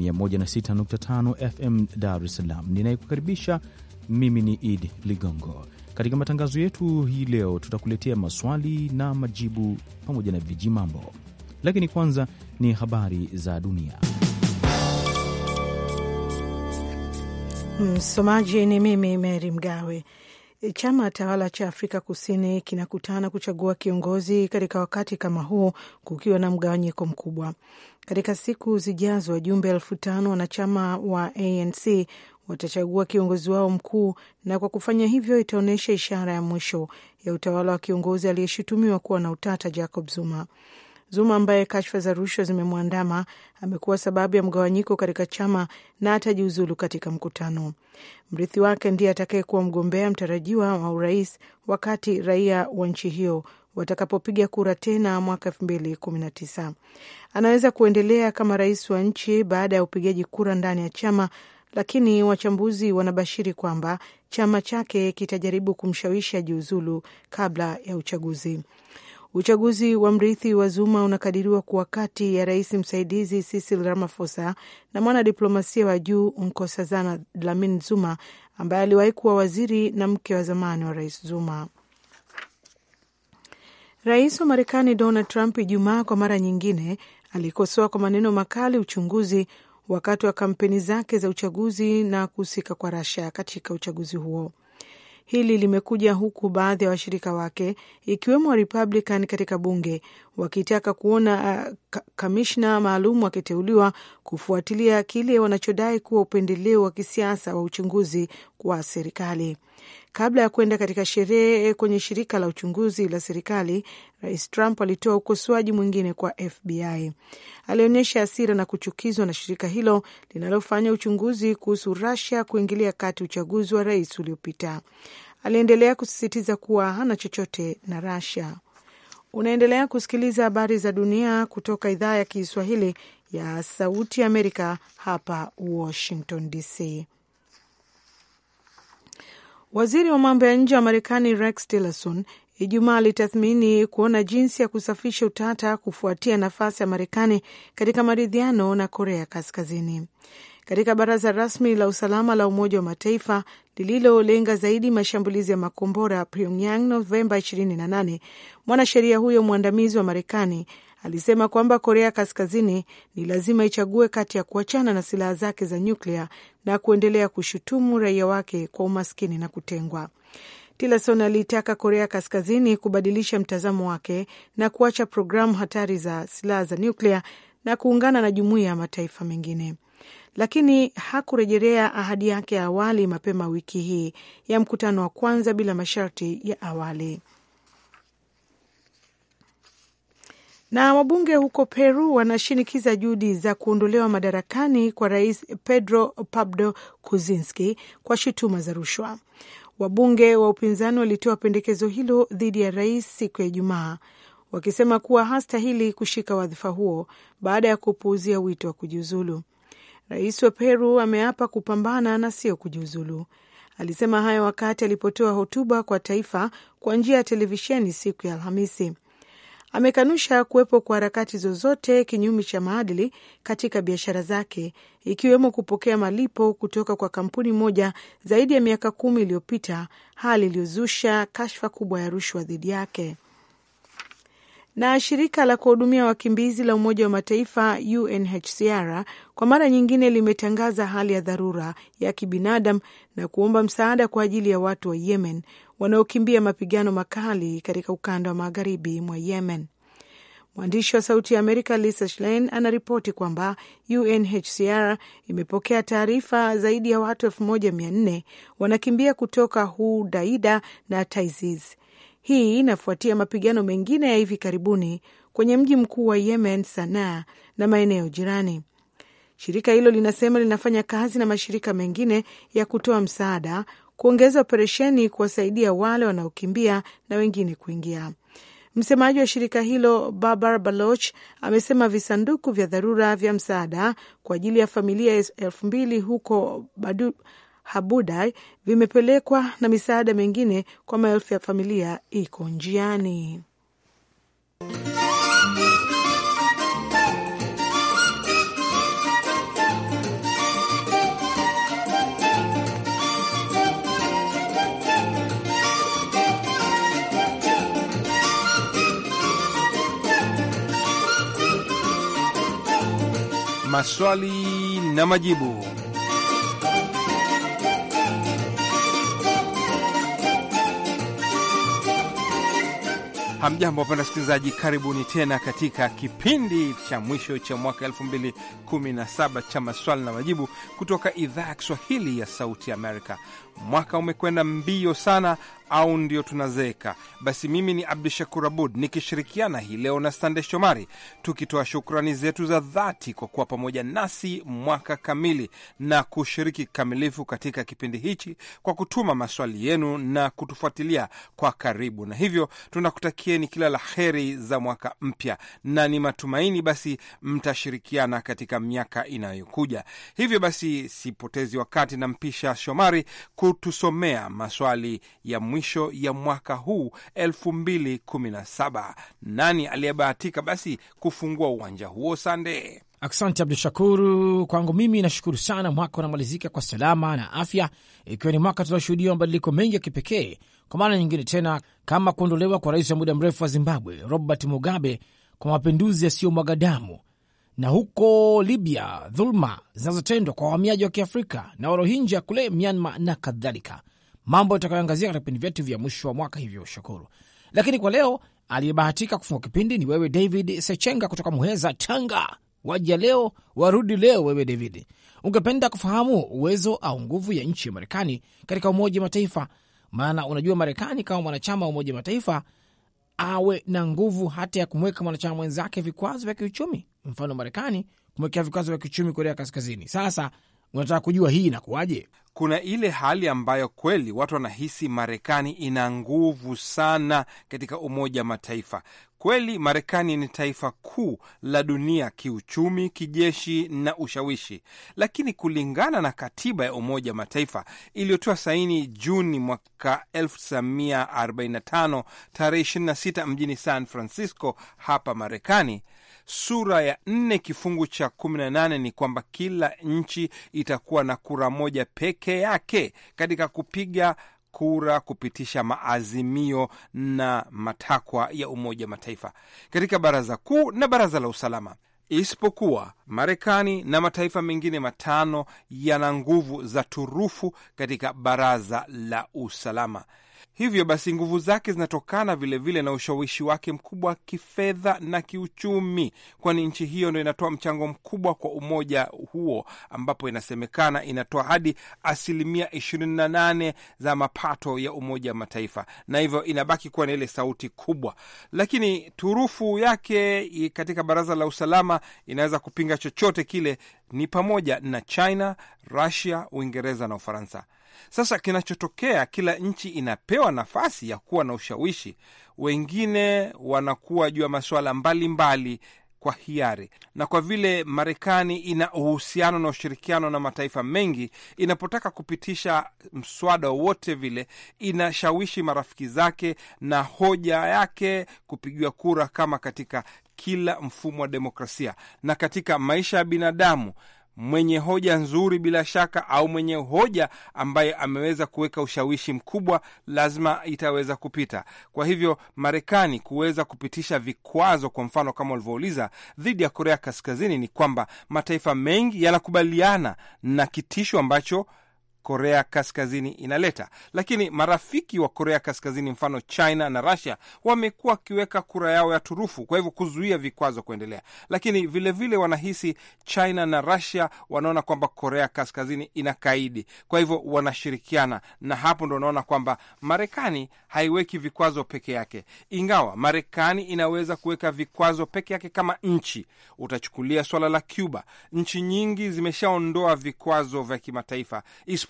106.5 FM Dar es Salaam. Ninayekukaribisha mimi ni Id Ligongo. Katika matangazo yetu hii leo, tutakuletea maswali na majibu pamoja na viji mambo, lakini kwanza ni habari za dunia. Msomaji ni mimi Meri Mgawe. E, chama tawala cha Afrika Kusini kinakutana kuchagua kiongozi katika wakati kama huo, kukiwa na mgawanyiko mkubwa. Katika siku zijazo, wajumbe elfu tano wanachama wa ANC watachagua kiongozi wao mkuu, na kwa kufanya hivyo itaonyesha ishara ya mwisho ya utawala wa kiongozi aliyeshutumiwa kuwa na utata Jacob Zuma. Zuma ambaye kashfa za rushwa zimemwandama amekuwa sababu ya mgawanyiko katika chama na atajiuzulu katika mkutano. Mrithi wake ndiye atakayekuwa mgombea mtarajiwa wa urais wakati raia wa nchi hiyo watakapopiga kura tena mwaka elfu mbili kumi na tisa. Anaweza kuendelea kama rais wa nchi baada ya upigaji kura ndani ya chama, lakini wachambuzi wanabashiri kwamba chama chake kitajaribu kumshawishi ajiuzulu kabla ya uchaguzi. Uchaguzi wa mrithi wa Zuma unakadiriwa kuwa kati ya rais msaidizi Cyril Ramaphosa na mwanadiplomasia wa juu Nkosazana Dlamini Zuma ambaye aliwahi kuwa waziri na mke wa zamani wa rais Zuma. Rais wa Marekani Donald Trump Ijumaa kwa mara nyingine alikosoa kwa maneno makali uchunguzi wakati wa kampeni zake za uchaguzi na kuhusika kwa rasia katika uchaguzi huo. Hili limekuja huku baadhi ya washirika wake ikiwemo Republican katika bunge wakitaka kuona uh, kamishna maalum akiteuliwa kufuatilia kile wanachodai kuwa upendeleo wa kisiasa wa uchunguzi wa serikali. Kabla ya kwenda katika sherehe kwenye shirika la uchunguzi la serikali, Rais Trump alitoa ukosoaji mwingine kwa FBI. Alionyesha hasira na kuchukizwa na shirika hilo linalofanya uchunguzi kuhusu rasia kuingilia kati uchaguzi wa rais uliopita. Aliendelea kusisitiza kuwa hana chochote na rasia Unaendelea kusikiliza habari za dunia kutoka idhaa ya Kiswahili ya Sauti Amerika hapa Washington DC. Waziri wa mambo ya nje wa Marekani Rex Tillerson Ijumaa alitathmini kuona jinsi ya kusafisha utata kufuatia nafasi ya Marekani katika maridhiano na Korea Kaskazini. Katika baraza rasmi la usalama la Umoja wa Mataifa lililolenga zaidi mashambulizi ya makombora Pyongyang Novemba 28. Mwanasheria huyo mwandamizi wa Marekani alisema kwamba Korea Kaskazini ni lazima ichague kati ya kuachana na silaha zake za nyuklia na kuendelea kushutumu raia wake kwa umaskini na kutengwa. Tillerson aliitaka Korea Kaskazini kubadilisha mtazamo wake na kuacha programu hatari za silaha za nyuklia na kuungana na jumuiya ya mataifa mengine lakini hakurejelea ahadi yake ya awali mapema wiki hii ya mkutano wa kwanza bila masharti ya awali. Na wabunge huko Peru wanashinikiza juhudi za kuondolewa madarakani kwa rais Pedro Pablo Kuczynski kwa shutuma za rushwa. Wabunge wa upinzani walitoa pendekezo hilo dhidi ya rais siku ya Ijumaa wakisema kuwa hastahili kushika wadhifa huo baada ya kupuuzia wito wa kujiuzulu. Rais wa Peru ameapa kupambana na sio kujiuzulu. Alisema hayo wakati alipotoa hotuba kwa taifa kwa njia ya televisheni siku ya Alhamisi. Amekanusha kuwepo kwa harakati zozote kinyume cha maadili katika biashara zake, ikiwemo kupokea malipo kutoka kwa kampuni moja zaidi ya miaka kumi iliyopita, hali iliyozusha kashfa kubwa ya rushwa dhidi yake. Na shirika la kuwahudumia wakimbizi la Umoja wa Mataifa UNHCR kwa mara nyingine limetangaza hali ya dharura ya kibinadamu na kuomba msaada kwa ajili ya watu wa Yemen wanaokimbia mapigano makali katika ukanda wa magharibi mwa Yemen. Mwandishi wa Sauti ya Amerika Lisa Schlein anaripoti kwamba UNHCR imepokea taarifa zaidi ya watu elfu moja mia nne wanakimbia kutoka Hudaida na Taiziz hii inafuatia mapigano mengine ya hivi karibuni kwenye mji mkuu wa Yemen, Sanaa, na maeneo jirani. Shirika hilo linasema linafanya kazi na mashirika mengine ya kutoa msaada kuongeza operesheni kuwasaidia wale wanaokimbia na wengine kuingia. Msemaji wa shirika hilo Babar Baloch amesema visanduku vya dharura vya msaada kwa ajili ya familia elfu mbili huko Badu, Habudai vimepelekwa na misaada mingine kwa maelfu ya familia iko njiani. Maswali na majibu. Hamjambo, wapenda wasikilizaji, karibuni tena katika kipindi cha mwisho cha mwaka 2017 cha maswali na majibu kutoka idhaa ya Kiswahili ya Sauti Amerika. Mwaka umekwenda mbio sana, au ndio tunazeeka? Basi mimi ni Abdu Shakur Abud nikishirikiana hii leo na Sande Shomari, tukitoa shukrani zetu za dhati kwa kuwa pamoja nasi mwaka kamili na kushiriki kikamilifu katika kipindi hichi kwa kutuma maswali yenu na kutufuatilia kwa karibu. Na hivyo tunakutakieni kila la heri za mwaka mpya, na ni matumaini basi mtashirikiana katika miaka inayokuja. Hivyo basi sipotezi wakati, nampisha Shomari kutusomea maswali ya mwisho ya mwaka huu 2017. Nani aliyebahatika basi kufungua uwanja huo? Sande, asante Abdu Shakuru. Kwangu mimi nashukuru sana. Mwaka unamalizika kwa salama na afya, ikiwa ni mwaka tunaoshuhudia mabadiliko mengi ya kipekee kwa mara nyingine tena, kama kuondolewa kwa rais wa muda mrefu wa Zimbabwe Robert Mugabe kwa mapinduzi yasiyomwaga damu na huko Libya, dhuluma zinazotendwa kwa wahamiaji wa Kiafrika na Warohinja kule Myanmar na kadhalika, mambo yatakayoangazia katika vipindi vyetu vya mwisho wa mwaka. Hivyo shukuru. Lakini kwa leo aliyebahatika kufunga kipindi ni wewe David Sechenga kutoka Muheza, Tanga. Waja leo warudi leo. Wewe David, ungependa kufahamu uwezo au nguvu ya nchi ya Marekani katika Umoja wa Mataifa? Maana unajua Marekani kama mwanachama wa Umoja wa Mataifa awe na nguvu hata ya kumweka mwanachama mwenzake vikwazo vya kiuchumi mfano Marekani kumwekea vikwazo vya kiuchumi Korea Kaskazini. Sasa unataka kujua hii inakuwaje? Kuna ile hali ambayo kweli watu wanahisi Marekani ina nguvu sana katika Umoja wa Mataifa. Kweli Marekani ni taifa kuu la dunia kiuchumi, kijeshi na ushawishi, lakini kulingana na katiba ya Umoja wa Mataifa iliyotoa saini Juni mwaka 1945 tarehe 26 mjini San Francisco hapa Marekani, sura ya nne kifungu cha kumi na nane ni kwamba kila nchi itakuwa na kura moja peke yake katika kupiga kura kupitisha maazimio na matakwa ya Umoja Mataifa katika Baraza Kuu na Baraza la Usalama isipokuwa Marekani na mataifa mengine matano yana nguvu za turufu katika Baraza la Usalama. Hivyo basi nguvu zake zinatokana vilevile na ushawishi wake mkubwa wa kifedha na kiuchumi, kwani nchi hiyo ndo inatoa mchango mkubwa kwa umoja huo, ambapo inasemekana inatoa hadi asilimia 28 za mapato ya Umoja wa Mataifa, na hivyo inabaki kuwa na ile sauti kubwa. Lakini turufu yake katika Baraza la Usalama inaweza kupinga chochote kile, ni pamoja na China, Rusia, Uingereza na Ufaransa. Sasa kinachotokea, kila nchi inapewa nafasi ya kuwa na ushawishi, wengine wanakuwa juu ya masuala mbalimbali kwa hiari na kwa vile Marekani ina uhusiano na ushirikiano na mataifa mengi, inapotaka kupitisha mswada wowote vile inashawishi marafiki zake na hoja yake kupigiwa kura, kama katika kila mfumo wa demokrasia na katika maisha ya binadamu mwenye hoja nzuri bila shaka, au mwenye hoja ambaye ameweza kuweka ushawishi mkubwa, lazima itaweza kupita. Kwa hivyo Marekani kuweza kupitisha vikwazo, kwa mfano kama ulivyouliza, dhidi ya Korea Kaskazini ni kwamba mataifa mengi yanakubaliana na kitisho ambacho Korea Kaskazini inaleta. Lakini marafiki wa Korea Kaskazini, mfano China na Russia, wamekuwa wakiweka kura yao ya turufu, kwa hivyo kuzuia vikwazo kuendelea. Lakini vilevile vile wanahisi China na Russia wanaona kwamba Korea Kaskazini inakaidi, kwa hivyo wanashirikiana, na hapo ndo wanaona kwamba Marekani haiweki vikwazo peke yake, ingawa Marekani inaweza kuweka vikwazo peke yake kama nchi. Utachukulia swala la Cuba, nchi nyingi zimeshaondoa vikwazo vya kimataifa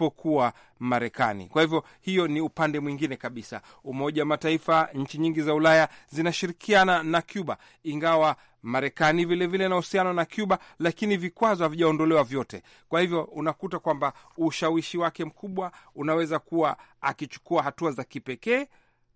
isipokuwa Marekani. Kwa hivyo hiyo ni upande mwingine kabisa. Umoja wa Mataifa, nchi nyingi za Ulaya zinashirikiana na Cuba, ingawa Marekani vilevile na uhusiano na Cuba, lakini vikwazo havijaondolewa vyote. Kwa hivyo unakuta kwamba ushawishi wake mkubwa unaweza kuwa akichukua hatua za kipekee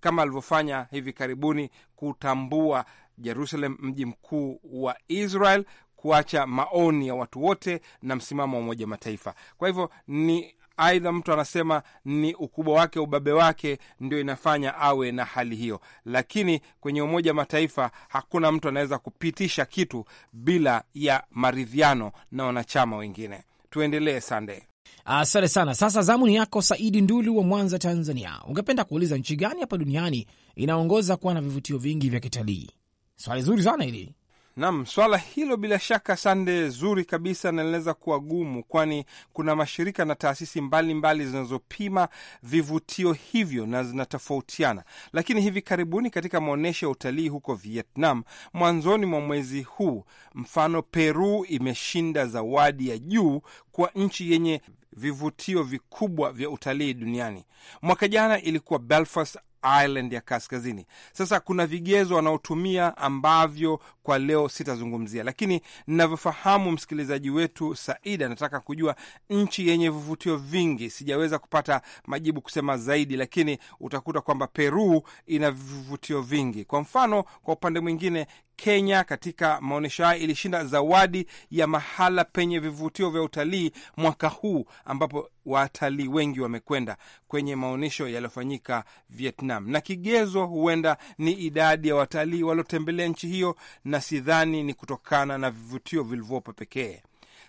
kama alivyofanya hivi karibuni kutambua Jerusalem mji mkuu wa Israel, kuacha maoni ya watu wote na msimamo wa Umoja Mataifa. Kwa hivyo ni Aidha, mtu anasema ni ukubwa wake, ubabe wake ndio inafanya awe na hali hiyo, lakini kwenye Umoja wa Mataifa hakuna mtu anaweza kupitisha kitu bila ya maridhiano na wanachama wengine. Tuendelee, Sande. Asante sana. Sasa zamu ni yako Saidi Ndulu wa Mwanza, Tanzania. Ungependa kuuliza nchi gani hapa duniani inaongoza kuwa na vivutio vingi vya kitalii? Swali zuri sana hili. Nam, swala hilo bila shaka, sande, zuri kabisa, nalinaweza kuwa gumu, kwani kuna mashirika na taasisi mbalimbali zinazopima vivutio hivyo na zinatofautiana. Lakini hivi karibuni katika maonyesho ya utalii huko Vietnam mwanzoni mwa mwezi huu, mfano Peru imeshinda zawadi ya juu kwa nchi yenye vivutio vikubwa vya utalii duniani. Mwaka jana ilikuwa Belfast, Ireland ya kaskazini. Sasa kuna vigezo wanaotumia ambavyo kwa leo sitazungumzia, lakini ninavyofahamu, msikilizaji wetu Said anataka kujua nchi yenye vivutio vingi. Sijaweza kupata majibu kusema zaidi, lakini utakuta kwamba Peru ina vivutio vingi. Kwa mfano, kwa upande mwingine Kenya katika maonyesho hayo ilishinda zawadi ya mahala penye vivutio vya utalii mwaka huu, ambapo watalii wengi wamekwenda kwenye maonyesho yaliyofanyika Vietnam, na kigezo huenda ni idadi ya watalii waliotembelea nchi hiyo, na sidhani ni kutokana na vivutio vilivyopo pekee.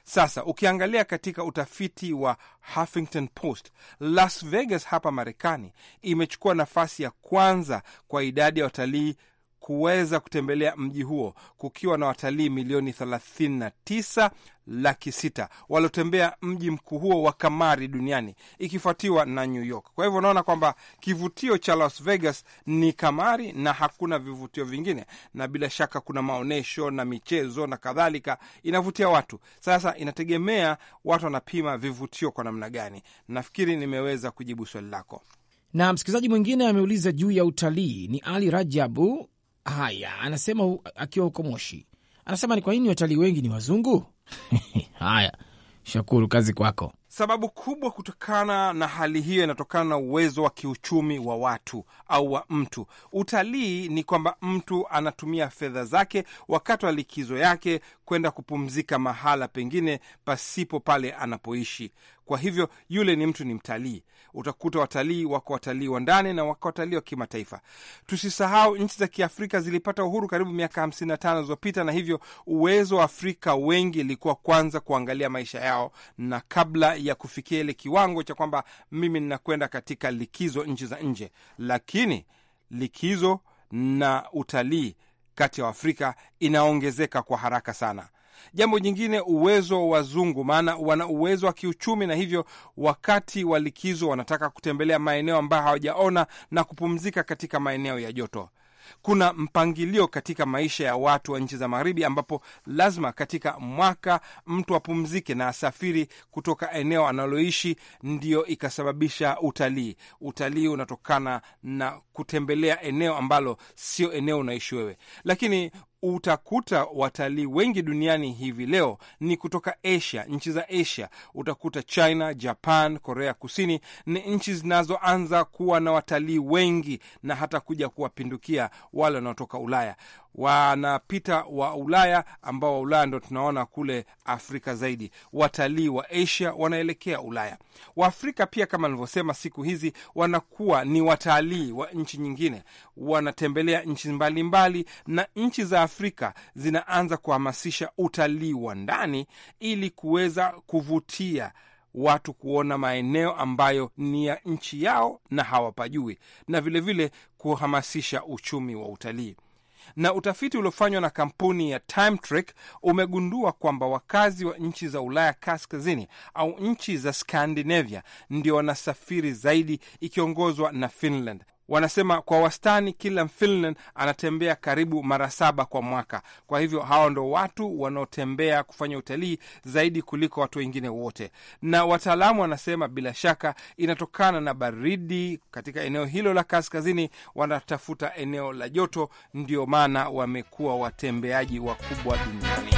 Sasa ukiangalia katika utafiti wa Huffington Post, Las Vegas hapa Marekani imechukua nafasi ya kwanza kwa idadi ya watalii kuweza kutembelea mji huo kukiwa na watalii milioni 39 laki sita waliotembea mji mkuu huo wa kamari duniani ikifuatiwa na New York. Kwa hivyo unaona kwamba kivutio cha Las Vegas ni kamari na hakuna vivutio vingine, na bila shaka kuna maonyesho na michezo na kadhalika, inavutia watu. Sasa inategemea watu wanapima vivutio kwa namna gani. Nafikiri nimeweza kujibu swali lako. Na msikilizaji mwingine ameuliza juu ya utalii ni Ali Rajabu Haya, anasema akiwa huko Moshi, anasema ni kwa nini watalii wengi ni wazungu? Haya, shakuru kazi kwako. Sababu kubwa kutokana na hali hiyo inatokana na uwezo wa kiuchumi wa watu au wa mtu. Utalii ni kwamba mtu anatumia fedha zake wakati wa likizo yake kwenda kupumzika mahala pengine pasipo pale anapoishi. Kwa hivyo yule ni mtu, ni mtalii. Utakuta watalii wako watalii wa ndani na wako watalii wa kimataifa. Tusisahau nchi za Kiafrika zilipata uhuru karibu miaka tano zilizopita, na hivyo uwezo wa Afrika wengi ilikuwa kwanza kuangalia maisha yao, na kabla ya kufikia ile kiwango cha kwamba mimi ninakwenda katika likizo nchi za nje, lakini likizo na utalii kati ya Afrika inaongezeka kwa haraka sana. Jambo jingine, uwezo wa wazungu, maana wana uwezo wa kiuchumi, na hivyo wakati wa likizo wanataka kutembelea maeneo ambayo hawajaona na kupumzika katika maeneo ya joto. Kuna mpangilio katika maisha ya watu wa nchi za Magharibi, ambapo lazima katika mwaka mtu apumzike na asafiri kutoka eneo analoishi, ndiyo ikasababisha utalii. Utalii unatokana na kutembelea eneo ambalo sio eneo unaishi wewe, lakini utakuta watalii wengi duniani hivi leo ni kutoka Asia, nchi za Asia. Utakuta China, Japan, Korea Kusini ni nchi zinazoanza kuwa na watalii wengi na hata kuja kuwapindukia wale wanaotoka Ulaya wanapita wa Ulaya ambao wa Ulaya ndo tunaona kule Afrika zaidi. Watalii wa Asia wanaelekea Ulaya. Waafrika pia kama nilivyosema, siku hizi wanakuwa ni watalii wa nchi nyingine, wanatembelea nchi mbalimbali, na nchi za Afrika zinaanza kuhamasisha utalii wa ndani ili kuweza kuvutia watu kuona maeneo ambayo ni ya nchi yao na hawapajui, na vilevile vile kuhamasisha uchumi wa utalii na utafiti uliofanywa na kampuni ya Timetrick umegundua kwamba wakazi wa nchi za Ulaya kaskazini au nchi za Skandinavia ndio wanasafiri zaidi, ikiongozwa na Finland. Wanasema kwa wastani kila Mfinland anatembea karibu mara saba kwa mwaka. Kwa hivyo hawa ndo watu wanaotembea kufanya utalii zaidi kuliko watu wengine wote, na wataalamu wanasema bila shaka inatokana na baridi katika eneo hilo la kaskazini, wanatafuta eneo la joto, ndio maana wamekuwa watembeaji wakubwa duniani.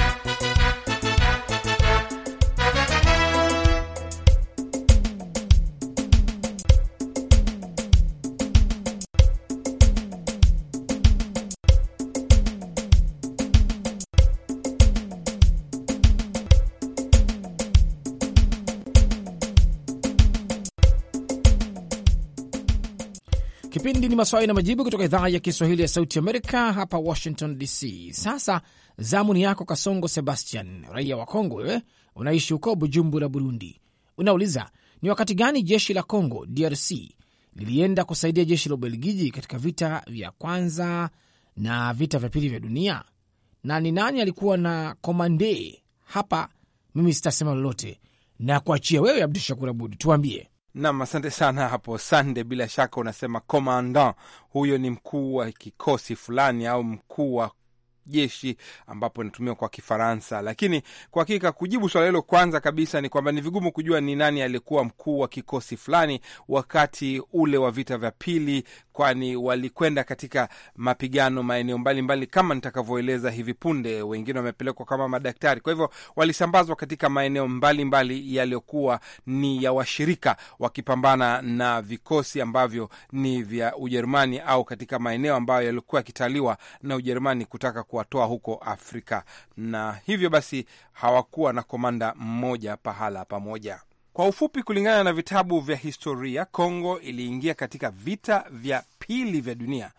Kipindi ni maswali na majibu kutoka idhaa ya Kiswahili ya Sauti Amerika hapa Washington DC. Sasa zamu ni yako, Kasongo Sebastian, raia wa Kongo. Wewe unaishi huko Bujumbura, Burundi. Unauliza, ni wakati gani jeshi la Kongo DRC lilienda kusaidia jeshi la Ubelgiji katika vita vya kwanza na vita vya pili vya dunia, na ni nani alikuwa na komande? Hapa mimi sitasema lolote na kuachia wewe Abdu Shakur Abud, tuambie. Nam, asante sana hapo Sande. Bila shaka unasema komandan huyo ni mkuu wa kikosi fulani au mkuu wa jeshi ambapo inatumiwa kwa Kifaransa. Lakini kwa hakika kujibu swala hilo, kwanza kabisa ni kwamba ni vigumu kujua ni nani alikuwa mkuu wa kikosi fulani wakati ule wa vita vya pili, kwani walikwenda katika mapigano maeneo mbalimbali kama nitakavyoeleza hivi punde. Wengine wamepelekwa kama madaktari, kwa hivyo walisambazwa katika maeneo mbalimbali yaliyokuwa ni ya washirika, wakipambana na vikosi ambavyo ni vya Ujerumani au katika maeneo ambayo yalikuwa yakitaliwa na Ujerumani kutaka kuwatoa huko Afrika, na hivyo basi hawakuwa na komanda mmoja pahala pamoja. Kwa ufupi, kulingana na vitabu vya historia, Kongo iliingia katika vita vya pili vya dunia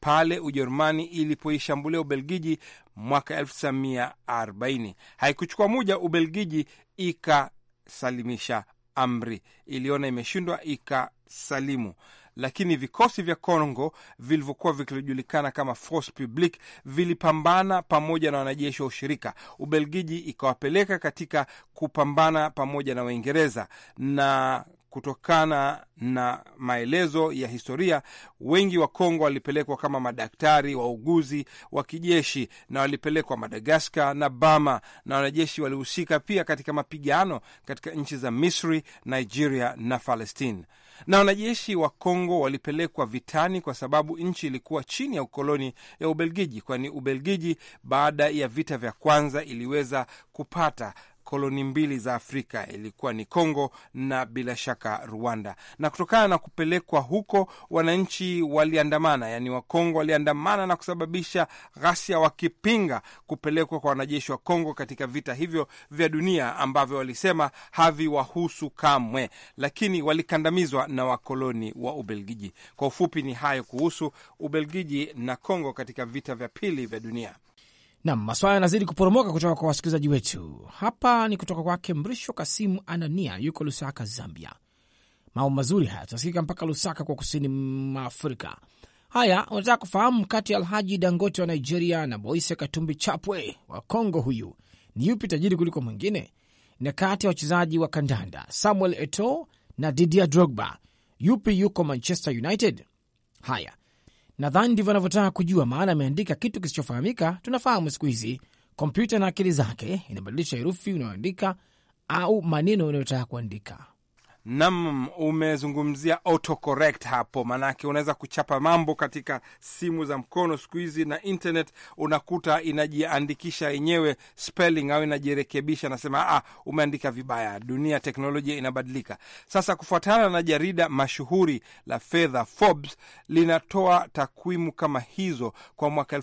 pale Ujerumani ilipoishambulia Ubelgiji mwaka 1940. Haikuchukua muja Ubelgiji ikasalimisha amri, iliona imeshindwa ikasalimu lakini vikosi vya congo vilivyokuwa vikijulikana kama Force Publique vilipambana pamoja na wanajeshi wa ushirika. Ubelgiji ikawapeleka katika kupambana pamoja na Waingereza na kutokana na maelezo ya historia, wengi wa Kongo walipelekwa kama madaktari, wauguzi wa kijeshi, na walipelekwa Madagaskar na Bama, na wanajeshi walihusika pia katika mapigano katika nchi za Misri, Nigeria na Palestine na wanajeshi wa Kongo walipelekwa vitani kwa sababu nchi ilikuwa chini ya ukoloni ya Ubelgiji, kwani Ubelgiji baada ya vita vya kwanza iliweza kupata koloni mbili za Afrika ilikuwa ni Kongo na bila shaka Rwanda. Na kutokana na kupelekwa huko, wananchi waliandamana, yaani Wakongo waliandamana na kusababisha ghasia, wakipinga kupelekwa kwa wanajeshi wa Kongo katika vita hivyo vya dunia ambavyo walisema haviwahusu kamwe, lakini walikandamizwa na wakoloni wa Ubelgiji. Kwa ufupi, ni hayo kuhusu Ubelgiji na Kongo katika vita vya pili vya dunia. Nam, maswala yanazidi kuporomoka kutoka kwa wasikilizaji wetu. Hapa ni kutoka kwake Mrisho Kasimu Anania, yuko Lusaka, Zambia. Mambo mazuri haya, tunasikika mpaka Lusaka kwa kusini mwa Afrika. Haya, unataka kufahamu kati ya Alhaji Dangote wa Nigeria na Moise Katumbi Chapwe wa congo huyu ni yupi tajiri kuliko mwingine? Na kati ya wachezaji wa kandanda Samuel eto na Didier Drogba, yupi yuko Manchester United? Haya, Nadhani ndivyo anavyotaka kujua, maana ameandika kitu kisichofahamika. Tunafahamu siku hizi kompyuta na akili zake inabadilisha herufi unayoandika au maneno unayotaka kuandika. Nam, umezungumzia autocorrect hapo, maanake unaweza kuchapa mambo katika simu za mkono siku hizi na internet, unakuta inajiandikisha yenyewe spelling au inajirekebisha, nasema ah, umeandika vibaya. Dunia teknolojia inabadilika sasa. Kufuatana na jarida mashuhuri la fedha Forbes, linatoa takwimu kama hizo kwa mwaka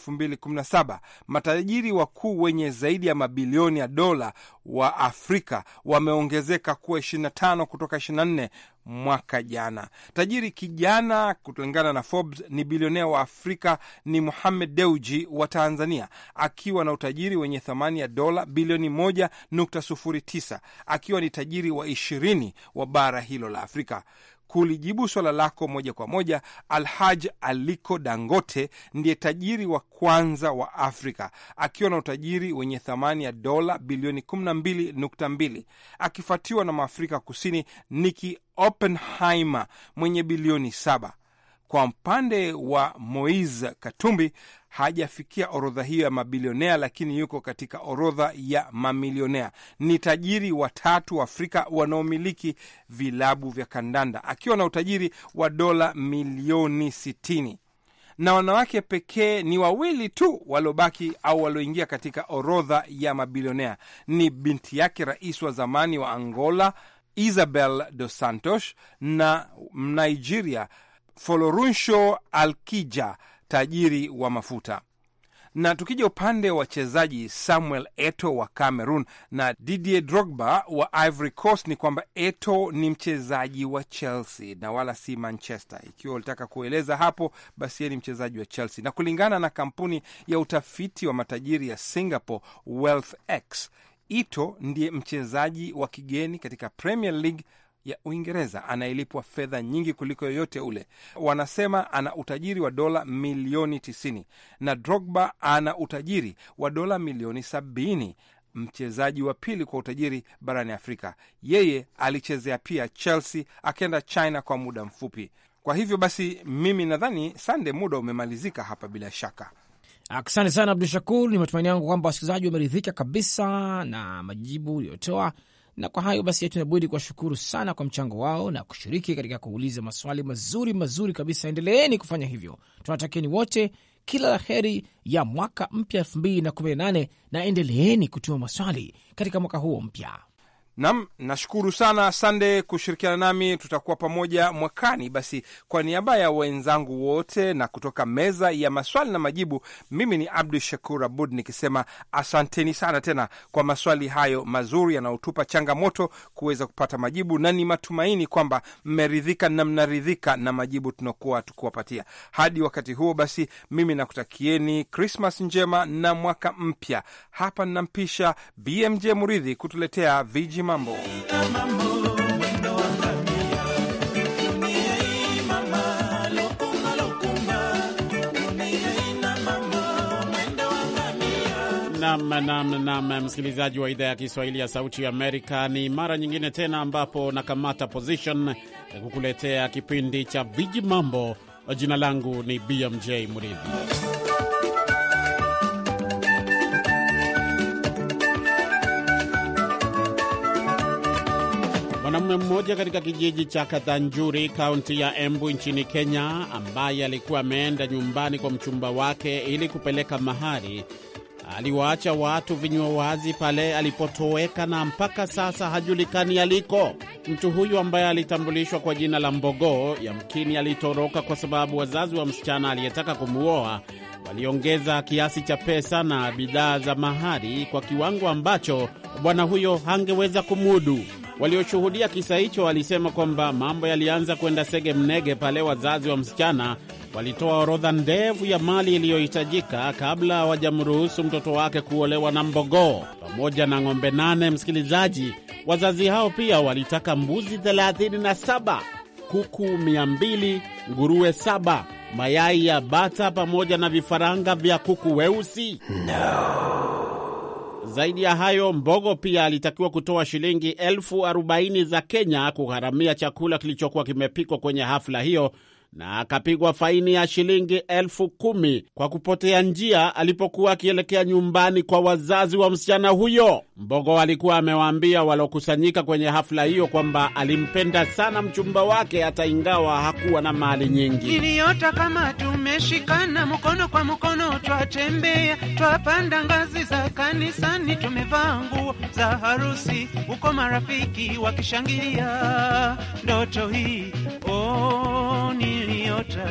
saba matajiri wakuu wenye zaidi ya mabilioni ya dola wa Afrika wameongezeka kuwa 25 kutoka 25 24 mwaka jana. Tajiri kijana kulingana na Forbes ni bilionea wa Afrika ni Mohamed Deuji wa Tanzania, akiwa na utajiri wenye thamani ya dola bilioni 1.09, akiwa ni tajiri wa ishirini wa bara hilo la Afrika kulijibu swala lako moja kwa moja, Alhaj Aliko Dangote ndiye tajiri wa kwanza wa Afrika akiwa na utajiri wenye thamani ya dola bilioni 12.2 akifuatiwa na Maafrika Kusini Niki Oppenheimer mwenye bilioni saba. Kwa upande wa Moise Katumbi hajafikia orodha hiyo ya mabilionea, lakini yuko katika orodha ya mamilionea. Ni tajiri watatu wa Afrika wanaomiliki vilabu vya kandanda akiwa na utajiri wa dola milioni sitini na wanawake pekee ni wawili tu waliobaki au walioingia katika orodha ya mabilionea ni binti yake rais wa zamani wa Angola Isabel dos Santos na Nigeria Folorunsho Alkija tajiri wa mafuta. Na tukija upande wa wachezaji Samuel Eto wa Cameroon na Didier Drogba wa Ivory Coast ni kwamba Eto ni mchezaji wa Chelsea na wala si Manchester. Ikiwa ulitaka kueleza hapo, basi yeye ni mchezaji wa Chelsea, na kulingana na kampuni ya utafiti wa matajiri ya Singapore WealthX, Ito ndiye mchezaji wa kigeni katika Premier League ya Uingereza anayelipwa fedha nyingi kuliko yoyote ule. Wanasema ana utajiri wa dola milioni 90 na Drogba ana utajiri wa dola milioni 70, mchezaji wa pili kwa utajiri barani Afrika. Yeye alichezea pia Chelsea akaenda China kwa muda mfupi. Kwa hivyo basi, mimi nadhani Sande, muda umemalizika hapa bila shaka. Asante sana Abdu Shakur, ni matumaini yangu kwamba wasikilizaji wameridhika kabisa na majibu uliyotoa na kwa hayo basi, tunabudi kuwashukuru sana kwa mchango wao na kushiriki katika kuuliza maswali mazuri mazuri kabisa. Endeleeni kufanya hivyo, tunatakieni wote kila la heri ya mwaka mpya 218 na endeleeni kutuma maswali katika mwaka huo mpya. Nam, nashukuru sana Sande kushirikiana nami, tutakuwa pamoja mwakani. Basi, kwa niaba ya wenzangu wote na kutoka meza ya maswali na majibu, mimi ni Abdu Shakur Abud nikisema asanteni sana tena kwa maswali hayo mazuri yanayotupa changamoto kuweza kupata majibu, na ni matumaini kwamba mmeridhika na mnaridhika na majibu tunakuwa tukuwapatia. Hadi wakati huo, basi mimi nakutakieni Krismas njema na mwaka mpya. Hapa nnampisha BMJ Muridhi kutuletea viji nam Namnamnam msikilizaji wa idhaa ya Kiswahili ya Sauti ya Amerika, ni mara nyingine tena ambapo nakamata position kukuletea kipindi cha Viji Mambo. Jina langu ni BMJ Mridhi. Mwanamume mmoja katika kijiji cha Kathanjuri, kaunti ya Embu nchini Kenya, ambaye alikuwa ameenda nyumbani kwa mchumba wake ili kupeleka mahari, aliwaacha watu vinywa wazi pale alipotoweka na mpaka sasa hajulikani aliko. Mtu huyu ambaye alitambulishwa kwa jina la Mbogoo yamkini alitoroka kwa sababu wazazi wa msichana aliyetaka kumuoa waliongeza kiasi cha pesa na bidhaa za mahari kwa kiwango ambacho bwana huyo hangeweza kumudu. Walioshuhudia kisa hicho walisema kwamba mambo yalianza kwenda sege mnege pale wazazi wa msichana walitoa orodha ndefu ya mali iliyohitajika kabla hawajamruhusu mtoto wake kuolewa na mbogoo pamoja na ng'ombe nane. Msikilizaji, wazazi hao pia walitaka mbuzi 37, kuku 200, nguruwe 7, mayai ya bata pamoja na vifaranga vya kuku weusi no. Zaidi ya hayo, Mbogo pia alitakiwa kutoa shilingi elfu arobaini za Kenya kugharamia chakula kilichokuwa kimepikwa kwenye hafla hiyo na akapigwa faini ya shilingi elfu kumi kwa kupotea njia alipokuwa akielekea nyumbani kwa wazazi wa msichana huyo. Mbogo alikuwa amewaambia waliokusanyika kwenye hafla hiyo kwamba alimpenda sana mchumba wake hata ingawa hakuwa na mali nyingi. Iliota kama tumeshikana mkono kwa mkono, twatembea twapanda ngazi za kanisani, tumevaa nguo za harusi, huko marafiki wakishangilia ndoto hii oh, niliota.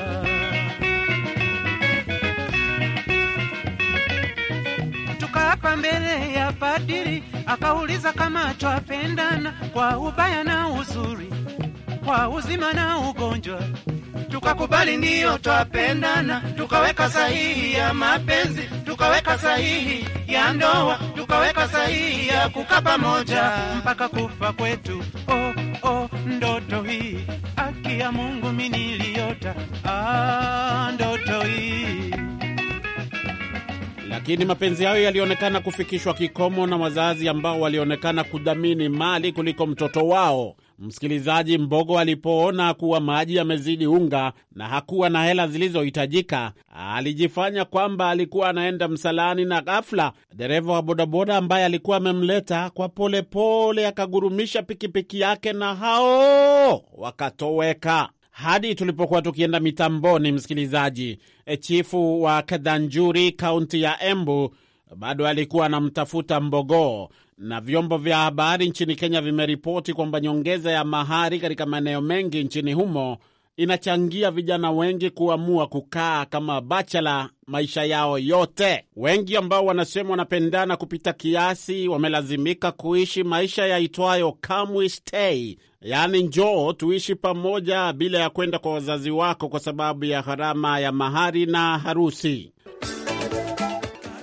Tukawekwa mbele ya padiri, akauliza kama twapendana kwa ubaya na uzuri, kwa uzima na ugonjwa. Tukakubali ndiyo, twapendana. Tukaweka sahihi ya mapenzi, tukaweka sahihi ya ndoa, tukaweka sahihi ya kukaa pamoja mpaka kufa kwetu. Oh, oh, ndoto hii kia Mungu mimi niliota, ah, ndoto hii lakini mapenzi hayo yalionekana kufikishwa kikomo na wazazi ambao walionekana kudhamini mali kuliko mtoto wao. Msikilizaji, Mbogo alipoona kuwa maji yamezidi unga na hakuwa na hela zilizohitajika, alijifanya kwamba alikuwa anaenda msalani, na ghafla dereva wa bodaboda ambaye alikuwa amemleta kwa polepole pole akagurumisha pikipiki yake na hao wakatoweka hadi tulipokuwa tukienda mitamboni. Msikilizaji, e, chifu wa Kadhanjuri, kaunti ya Embu, bado alikuwa anamtafuta Mbogoo, na vyombo vya habari nchini Kenya vimeripoti kwamba nyongeza ya mahari katika maeneo mengi nchini humo inachangia vijana wengi kuamua kukaa kama bachela maisha yao yote. Wengi ambao wanasema wanapendana kupita kiasi wamelazimika kuishi maisha yaitwayo kamwe stay, yaani njoo tuishi pamoja bila ya kwenda kwa wazazi wako kwa sababu ya gharama ya mahari na harusi.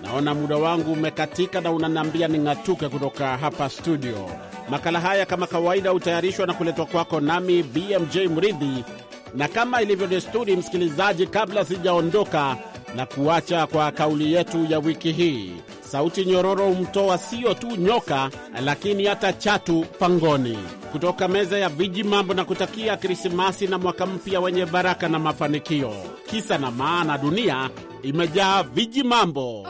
Naona muda wangu umekatika na unaniambia ning'atuke kutoka hapa studio. Makala haya kama kawaida hutayarishwa na kuletwa kwako nami BMJ Mridhi, na kama ilivyo desturi, msikilizaji, kabla sijaondoka na kuacha kwa kauli yetu ya wiki hii. Sauti nyororo humtoa sio tu nyoka, lakini hata chatu pangoni. Kutoka meza ya viji mambo na kutakia Krismasi na mwaka mpya wenye baraka na mafanikio. Kisa na maana, dunia imejaa viji mambo.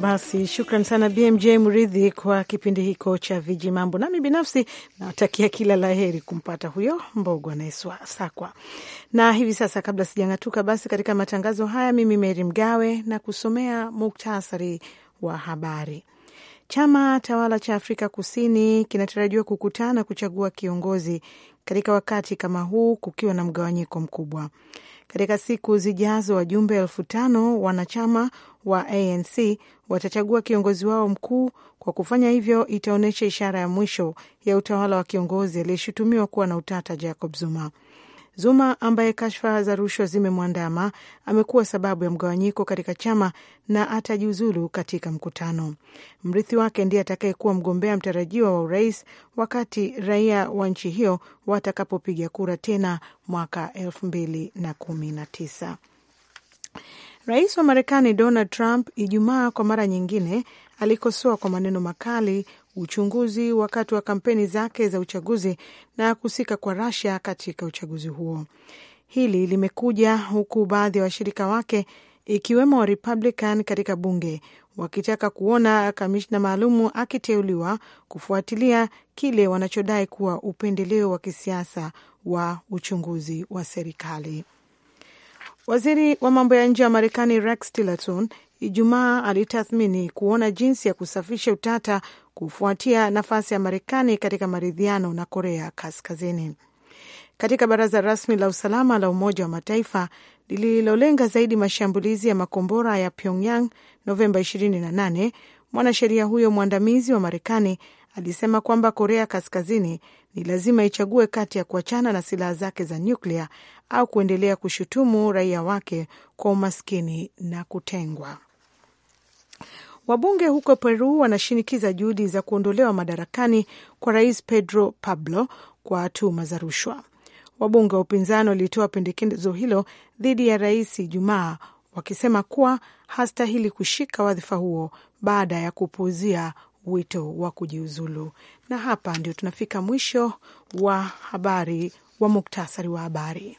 basi, shukran sana BMJ Mridhi kwa kipindi hiko cha viji mambo. Nami binafsi nawatakia kila la heri kumpata huyo Mbogo anaeswa sakwa Na hivi sasa, kabla sijang'atuka, basi katika matangazo haya, mimi Meri Mgawe na kusomea muktasari wa habari. Chama tawala cha Afrika Kusini kinatarajiwa kukutana kuchagua kiongozi katika wakati kama huu kukiwa na mgawanyiko mkubwa. Katika siku zijazo, wajumbe elfu tano wanachama wa ANC watachagua kiongozi wao mkuu. Kwa kufanya hivyo, itaonyesha ishara ya mwisho ya utawala wa kiongozi aliyeshutumiwa kuwa na utata Jacob Zuma. Zuma ambaye kashfa za rushwa zimemwandama amekuwa sababu ya mgawanyiko katika chama na atajiuzulu katika mkutano. Mrithi wake ndiye atakayekuwa mgombea mtarajiwa wa urais wakati raia wa nchi hiyo watakapopiga kura tena mwaka elfu mbili na kumi na tisa. Rais wa Marekani Donald Trump Ijumaa kwa mara nyingine alikosoa kwa maneno makali uchunguzi wakati wa kampeni zake za uchaguzi na kuhusika kwa Russia katika uchaguzi huo. Hili limekuja huku baadhi ya wa washirika wake ikiwemo wa Republican katika bunge wakitaka kuona kamishna maalumu akiteuliwa kufuatilia kile wanachodai kuwa upendeleo wa kisiasa wa uchunguzi wa serikali. Waziri wa mambo ya nje wa Marekani Rex Tillerson Ijumaa alitathmini kuona jinsi ya kusafisha utata kufuatia nafasi ya Marekani katika maridhiano na Korea Kaskazini. Katika baraza rasmi la usalama la Umoja wa Mataifa lililolenga zaidi mashambulizi ya makombora ya Pyongyang Novemba 28, mwanasheria huyo mwandamizi wa Marekani alisema kwamba Korea Kaskazini ni lazima ichague kati ya kuachana na silaha zake za nyuklia au kuendelea kushutumu raia wake kwa umaskini na kutengwa. Wabunge huko Peru wanashinikiza juhudi za kuondolewa madarakani kwa rais Pedro Pablo kwa tuhuma za rushwa. Wabunge wa upinzani walitoa pendekezo hilo dhidi ya rais Ijumaa, wakisema kuwa hastahili kushika wadhifa huo baada ya kupuuzia wito wa kujiuzulu. Na hapa ndio tunafika mwisho wa habari wa muktasari wa habari.